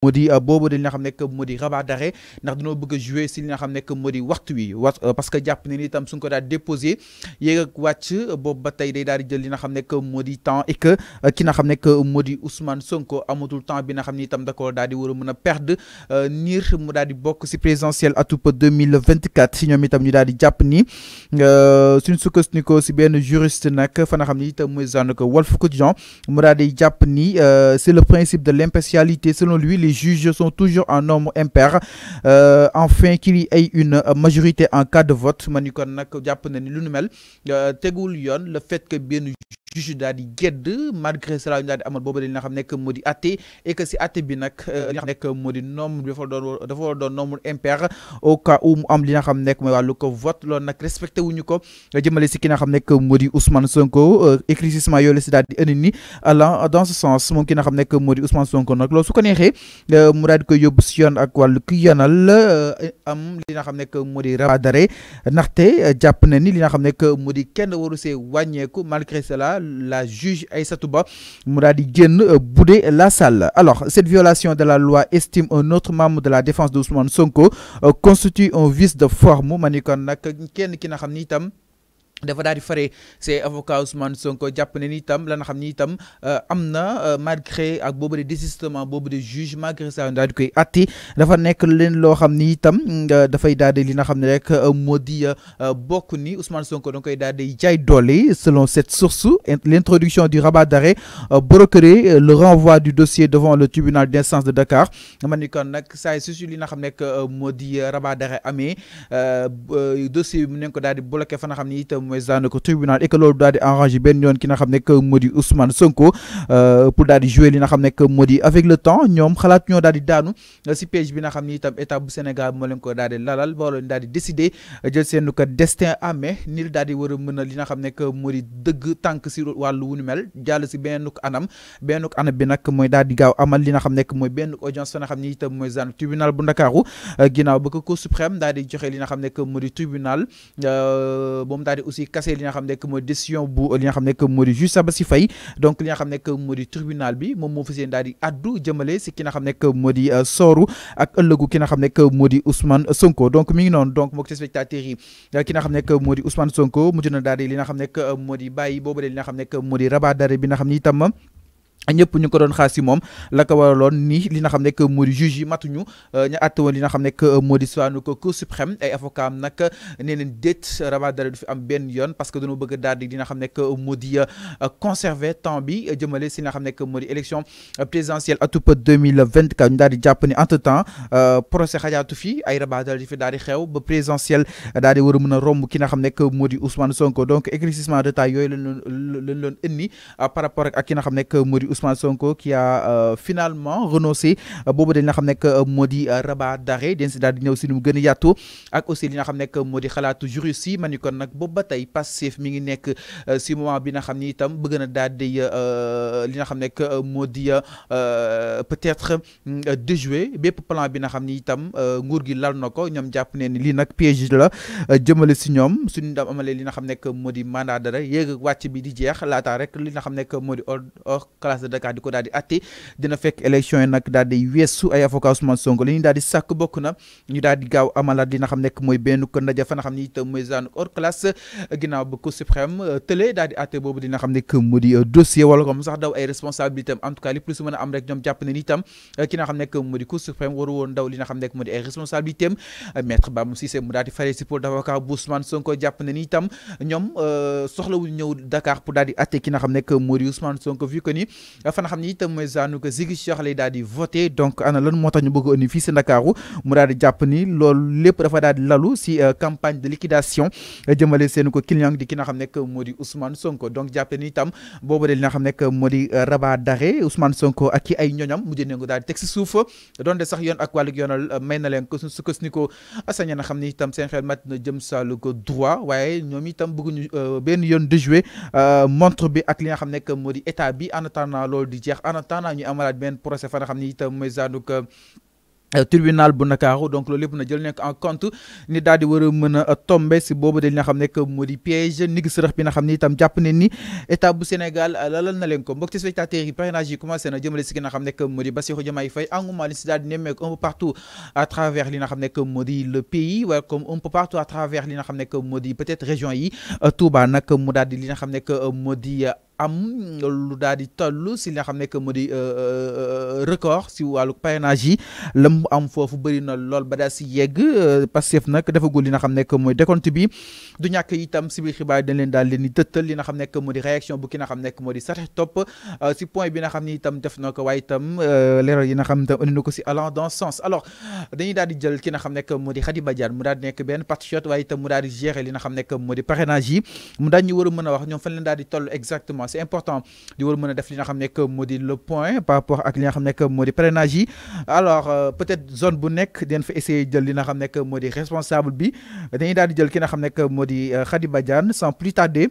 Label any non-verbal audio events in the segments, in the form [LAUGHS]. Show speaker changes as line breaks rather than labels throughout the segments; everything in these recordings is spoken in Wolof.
modi bobo euh, boobu di nga xam modi rabat d'arrêt ndax dañoo bëgg jouer si li nga xam waxtu wi euh, parce que japp ni itam suñ ko déposé yéeg ak wacc boobu ba tey day daal jël li nga temps et que euh, ki nga xam que Ousmane Sonko amatul temps bi nga xamni ne itam da ko daal di à mëna perdre nir mu daal di bokk si présidentielle atub 2024 si ñoom itam ñu daal di une ni suñ sukkandiku ci juriste nak fa nga xam ne itam mooy zann ko mu daal di ni c'est le principe de l'impartialité selon lui les juges sont toujours en nombre impair euh, enfin qu'il y ait une euh, majorité en cas de vote Manu euh, le fait que bien juge daal di gedd malgré cela ñu daal di amal boobu li nga xam nekk moo di atte et si atte bi nag euh, li nga xam nekk moo di nombre bi dafa doon dafa war doon nombre impair au am li xam nekk mooy wàllu ko vote loolu nag respecté wuñu ko euh, jëmale si ki nga xam nekk moo di Ousmane Sonko euh, éclaircissement yooyu la si daal di indi ni allant dans ce sens moom ki nga xam nekk moo di Ousmane Sonko nag loolu su ko neexee mu daal di koy yóbbu si yoon ak wallu ki yoonal am li na xam nekk moo di rabadare ndaxte jàpp na ni li nga xam nekk moo di kenn waru se wàññeeku malgré cela la juge Aïssatouba Touba Mouradi euh, boudé la salle alors cette violation de la loi estime un autre membre de la défense de Sonko euh, constitue un vice de forme nak, ken, dafa daal di ces avocats Ousmane Sonko jàpp ne ni itam la nga xam ni itam euh, euh, malgré ak boobu de désistement boobu de jugement malgré ça daal di koy atti dafa nekk leen loo xam ni itam dafay daal di li nga xam ne rek euh, moo di bokk ni Ousmane Sonko da koy daal di jaay selon cette source l'introduction du rabat d'arrêt broquerait le renvoi du dossier devant le tribunal d'instance de Dakar ma ni kon nag saa su li nga xam nekk moo rabat d'arrêt amee dossier bi mu ne ko daal di bloqué fa nga xam itam mooy daanaka tribunal et que loolu daal di arrangé benn ki nga xam que moo Ousmane Sonko euh, pour daal jouer li nga xam que moo avec le temps ñom xalat ñoo daal di daanu si piège bi nga xam itam état bu Sénégal mo leen ko daal lalal bo leen daal décider jël seen destin amé nil daal di mëna li nga xam ne que moo di dëgg tànk si mel jall ci benuk anam benuk anam bi nak moy daal di gaaw amal li nga xam que mooy benn audience fa nga itam moy daanu tribunal bu Ndakaaru euh, ginnaaw ba ko Cour suprême dadi joxé li nga xam que tribunal euh daal di aussi casser li nga xamné que mooy décision bu li nga xamné que modi di juge Sabassy donc li nga xamné que modi tribunal bi mom mo fas yéene di addu jëmale ci ki nga xamné que modi di euh, ak ëllëgu ki nga xamné que modi Ousmane Sonko donc mi ngi non donc mbokk spectateurs yi euh, ki nga xamné que modi Ousmane Sonko mujj na daal di li nga xamné que euh, modi di bobu li nga xamné que modi rabat d'arrêt bi nga xamni tam ñëpp ñu ko doon xaas si moom la ko waraloon ni li nga xam que moo di juge yi matuñu euh, ñu àtte woon li nga xam que euh, moo di suwaanu ko cour suprême ay avocat am nag nee nañ déet rabat d'arrêt du fi am benn yoon parce que dañoo bëgg daal di li nga xam nekk moo di euh, conserver temps bi jëmale si li nga xam nekk moo di élection présidentielle atoupa 2024 ñu daal di jàpp ni entre temps procès xajaatu fi ay rabat d'arrêt di fi daal di xew ba présidentielle daal di war a mën a romb ki nga xam que moo di Ousmane Sonko donc éclaircissement de taille yooyu lañ leen loon indi par rapport ak ki nga xam que moo di Ousmane Sonko qui a euh, finalement renoncé bobo dina nga xam euh, modi euh, rabat d'arrêt den si dal di ñëw si nu ak aussi li nga xam modi moo di xalaatu juriste yi ni kon mi ngi nek si moment bi nga xamni itam bëgg na di li nga modi peut-être déjouer bép plan bi nga xamni tam itam nguur gi lal nako ñom japp né ni piège la jëmele ci ñom suñu ndam amalé li nga xam nekk mandat dara yegg wacc bi di jeex rek li nga or place de Dakar di ko daal di atte dina fekk élection yi nag daal di weesu ay avocat Ousmane Sonko li ñu daal di sàkk na xam nekk mooy benn ko ndaje xam ne itam mooy zone euh, boobu dina xam nekk mu di euh, dossier sax daw ay responsabilité am en tout cas a ñoom jàpp ne ni itam euh, ki nga li nga xam nekk mu di ay responsabilité am maître Bamba Cissé mu daal di faree si pour d'avocat bu Ousmane ñëw Dakar pour daal di atte ki nga xam nekk mu di Ousmane Sonko vu que ni fan xam ni itam mooy zaanu que Ziguinchor lay daal di voté donc ana lan moo tax ñu bëgg a indi fii si Ndakaaru mu daal di jàpp ni loolu lépp dafa daal di lalu si euh, campagne de liquidation euh, jëmale seen ko client di ki nga xam nekk moo di Ousmane Sonko donc jàpp ni itam boobu de li nga xam nekk moo di euh, rabat d'arrêt Ousmane Sonko ak ki ay ñoñam mu nañ ko daal di teg si suuf donte sax yoon ak wàllug yoonal may na leen ko su ko ko sañ na xam ni itam seen xel mat na jëm saalu ko droit waaye ñoom itam bëgguñu benn yoon jouer montre bi ak li nga xam nekk moo di état bi en attendant l'eau loolu di jeex en attendant ñu amalaat benn procès fa nga xam ni itam mooy euh, tribunal bu donc loolu lépp na jël nekk en compte ni daal di war a mën a euh, si boobu de li nga xam que moo piège ni gi sërëx bi nga xam ne itam jàpp ne ni état bu Sénégal euh, lalal na leen ko mbokk spectateurs yi parrainage yi commencé na jëmale si ki nga xam que moo di Bassirou Diomaye Faye engouement li si daal di nemmeeku un peu partout à travers li nga xam que moo le pays waaye comme un peu partout à travers li nga xam que moo peut-être région yi Touba nag mu daal di li nga xam que moo am lu daal di toll si nga xam ne que mu di euh, euh, record si wàllu parrainage yi la mu am foofu bëri na lool ba daal si yegg euh, Pastef nag defagul li nga xam ne que mooy décompte bi du ñàkk moo di réaction bu ki nga xam ne moo di sax topp si point bi nga xam ni itam def na ko waaye itam leeral yi nga xam ne indi na ko si allant dans ce sens alors dañuy daal di jël ki nga xam ne moo di Khadiba Diagne mu daal nekk benn patriote waaye itam mu daal di gérer li nga xam ne moo di parrainage mu daal c'est important di faire def le point par rapport ak li nga alors euh, peut-être zone bu nek fa essayer jël li responsable bi di ki nga euh, sans plus tarder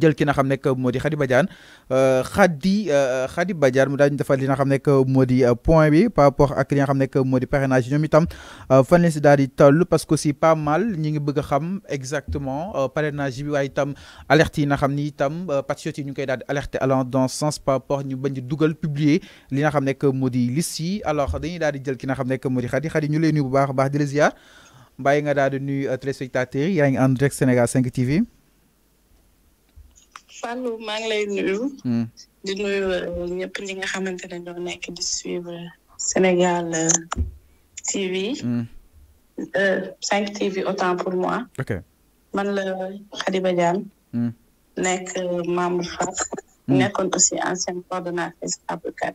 jël ki nga xam nekk moo di Khady Badiane euh, Khady euh, Khady Badiane mu daañu defal li nga xam nekk moo di euh, point bi par rapport ak li nga xam nekk moo di parrainage ñoom itam fan la si daal di toll parce que aussi pas mal ñi ngi bëgg a xam exactement parrainage bi waaye itam alerte yi nga xam ni itam patriote yi ñu koy daal di alerter allant dans sens par rapport ñu bañ a dugal publier li nga xam nekk moo di liste yi alors dañuy daal di jël ki nga xam nekk moo di Khady Khady ñu lay nuyu bu baax a baax di la ziar bàyyi nga daal di nuyu téléspectateurs yi yaa ngi en direct Sénégal 5 TV.
Fallou maa ngi lay nuyu. Hmm. di nuyu euh, ñëpp ñi nga xamante ne ñoo nekk di suivre Sénégal TV. 5 TV autant pour moi. ok man la Khadiba Diane. Hmm. nekk euh, membre FAP. Hmm. nekkoon aussi ancienne coordonnatrice
ABCAD.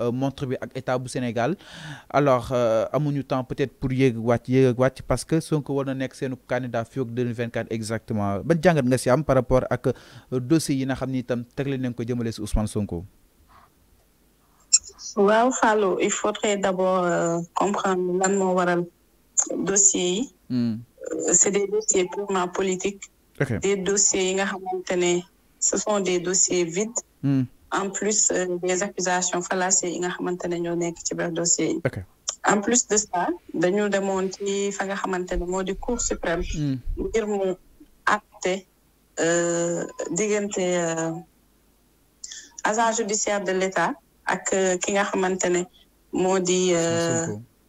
Euh, montre bi ak état Sénégal alors euh, amuñu temps peut-être pour yegg aller, parce que son war na nekk seenu candidat fii 2024 exactement ban jangat nga si par rapport ak euh, dossier yi nga xamni tam itam tegle nañ ko Ousmane Sonko.
waaw fallo. il faudrait d'abord comprendre que le dossier c'est des dossiers pour purement politiques. des dossiers ce sont des dossiers vides. Hmm en plus euh, des accusations fallacieuses yi nga xamante ñoo nekk ci ber dossier yi. en plus de ça dañu demoon ci fa nga xamante ne moo di cour suprême. Hmm. ngir mu àtte euh, diggante euh, agent judiciaire de l'État ak ki nga xamante moo di.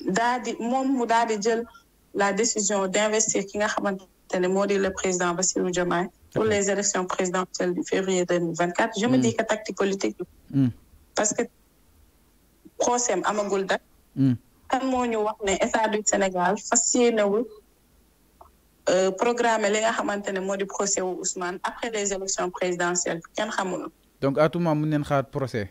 dadi di moom mu jël la décision d'investir ki nga xamantene le président Bassirou Diomaye pour les élections présidentielles du février 2024 je me mm. dis que tactique politique mm. parce que procès amagul date mm. kan moo ñu wax ne état du Sénégal fas yéenewul euh, programme li nga xamante ne moo procès wu Ousmane après les élections présidentielles kenn xamul
donc à tout moment mun neen xaar procès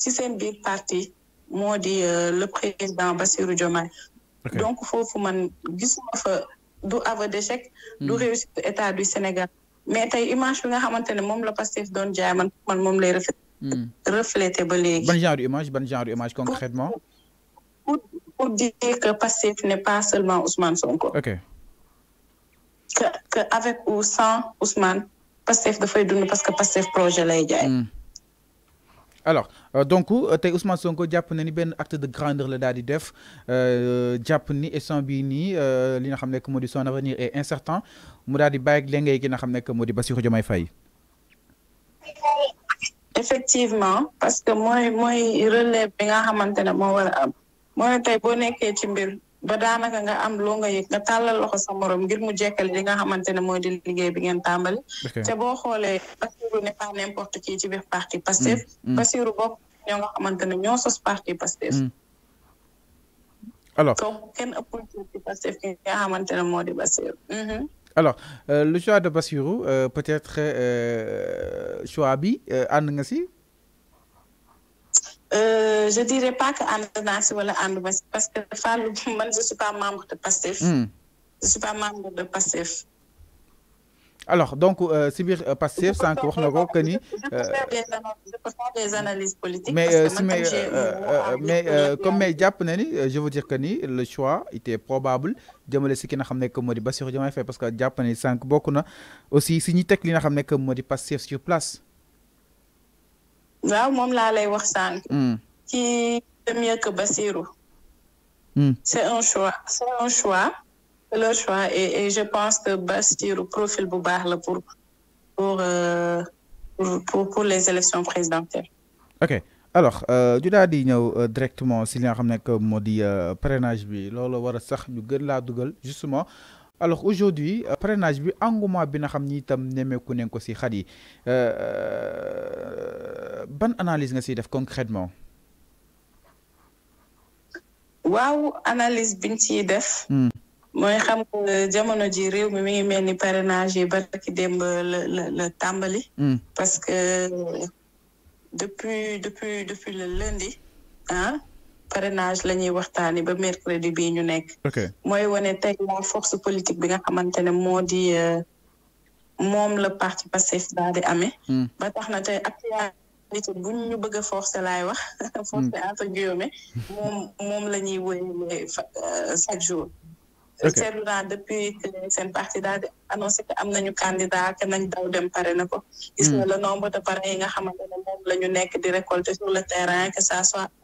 Si c'est une big parti moi dit euh, le président Bassirou Diomaye donc fofu man gisuma fa du avoir d'échec du hmm. réussite état du Sénégal mais tay image bi nga xamantene mom la Pastef donne jaay man man moom lay
hmm. reflété ba ban genre image ban genre image concrètement
pour dire que Pastef n'est pas seulement
Ousmane Sonko ok
que avec ou sans Ousmane Pastef fay dund parce que Pastef projet lay jaay hmm
alors euh, donc euh, tay Ousmane Sonko japp na ni ben acte de grandeur le daal di def euh, japp ni instant bii nii li nga xam nekk moo son avenir est incertain mu daal di bàyyi ak léeg-léeg gi nga xam nekk moo Bassirou Diomaye Faye.
effectivement parce que moi mooy relève bi nga xamantene mo wara am mooy tay bo nekkee ci mbir. ba daanaka nga am loo nga yëg nga tàllal loxo sa morom ngir mu jekkal li nga xamante ne mooy di liggéey bi ngeen tàmbali. te boo xoolee Bassirou n'est pas n'importe qui ci biir parti Pastef. Mm, mm. Bassirou bokk ñoo nga xamante ne ñoo sos parti Pastef.
Mm. alors
donc kenn ëppul ci Pastef ki nga xamante ne moo di Bassirou. Mm-hmm.
alors euh, le choix de Bassirou euh, peut-être euh, choix bi euh, ànd nga si.
Euh, je dirais pas que ànd naa si wala ànd parce que Fallou man je suis pas membre de PASTEF. Hmm. je suis pas membre de PASTEF.
alors donc euh, si biir euh, Pastef sànq wax na ko que ni.
des analyses politiques. mais si mais
mais comme mes jàpp na je veux dire que ni le choix était probable jëmale me ki qui n'a ne que modi di Bassirou Diomaye Faye parce que jàpp na ni sànq na aussi si ñi teg li nga xam que modi di sur place waaw moom
laa lay wax sànq. Mm. ci mieux que Bassirou. Mm. c'est un choix c'est un choix. leur choix et, et je pense que Bassirou profil bu baax la pour pour, euh, pour pour pour les élections présidentielles.
ok alors euh, ñu daal di ñëw euh, directement si li nga xam ne moo di euh, parrainage bi loolu war a sax ñu gën laa dugal justement alors aujourd'hui euh, parrainage bi anguma bi nga xam ni itam nemmeeku nañ ko si xar yi euh, euh, ban analyse nga siy def concrètement
waaw analyse biñ ci def hmm. mooy xam jamono ji réew mi mi ngi mel ni parrainage yi barki démb le le la tàmbali hmm. parce que depuis depuis depuis le lundi ah parrainage la ñuy waxtaanee ba mercredi bii ñu nekk. mooy wane tey la force politique bi nga xamante ne moo di euh, moom la parti Pastef daal di amee. Hmm. ba tax na tey actualité bu ñu bëgg a forcer laay wax. Hmm. [LAUGHS] forcer entre guillemets moom moom la ñuy wéyalee euh, chaque jour. seetlu naa depuis que seen parti daal di annoncé que am nañu candidat que nañ daw dem pare na ko gis nga hmm. le nombre de parrain yi nga xamante ne moom la ñu nekk di récolter sur le terrain que ça soit